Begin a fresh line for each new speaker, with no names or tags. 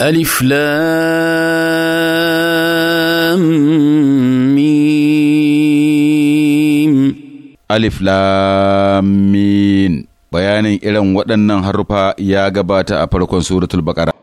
ألف لام
bayanin irin waɗannan haruffa ya gabata a farkon suratul baƙara.